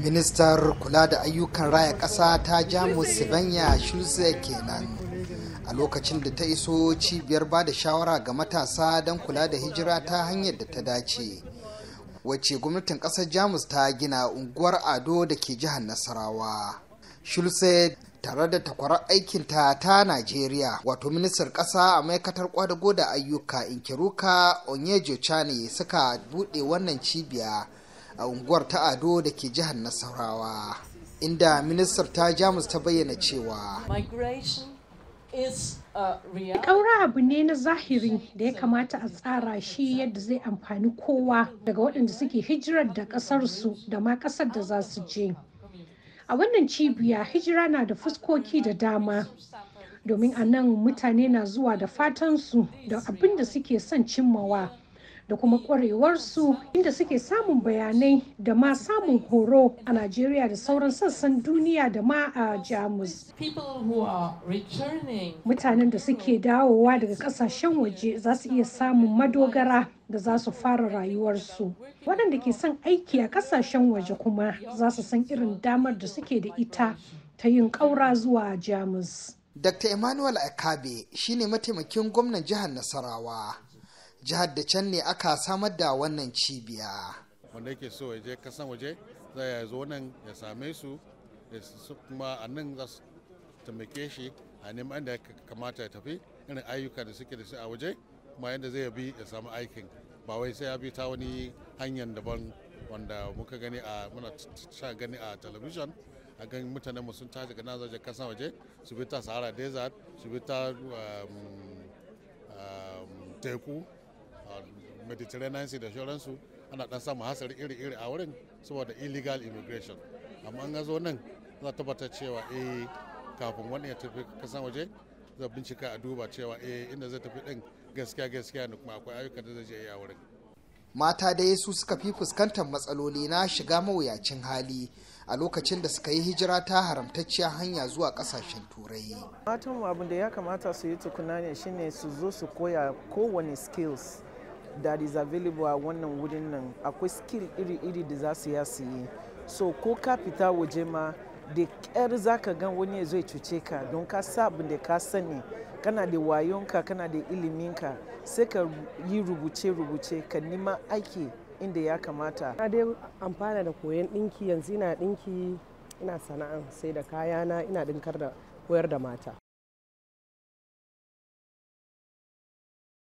ministar kula da ayyukan raya ƙasa ta jamus Sibanya, shulze kenan a lokacin da ta iso cibiyar ba da shawara ga matasa don kula da hijira ta hanyar da ta dace wacce gwamnatin ƙasar jamus ta gina unguwar ado da ke jihar nasarawa shulze tare da takwarar aikinta ta najeriya wato ministar ƙasa a ma'aikatar kwadago da ayyuka inkiruka onyejo chane suka buɗe wannan cibiya a unguwar ta ado da ke jihar nasarawa inda ministar ta jamus ta bayyana cewa Ƙaura abu ne na zahiri da ya kamata a tsara shi yadda zai amfani kowa daga waɗanda suke hijirar da ƙasarsu da ma ƙasar da za su je. A wannan cibiya hijira na da fuskoki da dama. Domin a nan mutane na zuwa da fatansu da abin da suke son cimmawa da kuma kwarewarsu inda suke samun bayanai da ma samun horo a Najeriya da sauran sassan duniya da ma a Jamus. Mutanen da suke dawowa daga kasashen waje za su iya samun madogara da za su fara rayuwarsu. Waɗanda ke son aiki a kasashen waje kuma za su san irin damar da suke da ita ta yin ƙaura zuwa Jamus. Dr. Emmanuel Akabe shine mataimakin gwamnan jihar Nasarawa. jihar da can ne aka samar da wannan cibiya wanda yake so ya je kasan waje za ya zo nan ya same su kuma a nan za su taimake shi a neman da ya kamata ya tafi irin ayyuka da suke da su a waje kuma yadda zai bi ya samu aikin ba wai sai ya bi ta wani hanyar daban wanda muka gani a muna sha gani a talabijin a gan mutanen mu sun tashi gana zaje kasa waje su bi ta sahara desert su bi ta um, um, teku mediterranean sea da shauransu ana dan samun hasari iri-iri a wurin saboda illegal immigration amma an zo nan za tabbatar cewa eh kafin wani ya tafi kasan waje za bincika a duba cewa eh inda zai tafi din gaskiya gaskiya ne kuma akwai ayyukan da zai je a wurin mata da su suka fi fuskantar matsaloli na shiga mawuyacin hali a lokacin da suka yi hijira ta haramtacciya hanya zuwa kasashen turai matan abin da ya kamata su yi tukuna ne shine su zo su koya kowane skills that is available a wannan wurin nan akwai skill iri-iri da za su ya su yi so ko ka fita waje ma da ƙyar za ka gan wani ya zo cuce ka don ka sa abin da ka sani kana da wayonka kana da iliminka sai ka yi rubuce-rubuce ka nima aiki inda ya kamata. Na dai amfana da koyon ɗinki yanzu ina ɗinki ina sana'a sai da kayana ina ɗinkar da koyar da mata.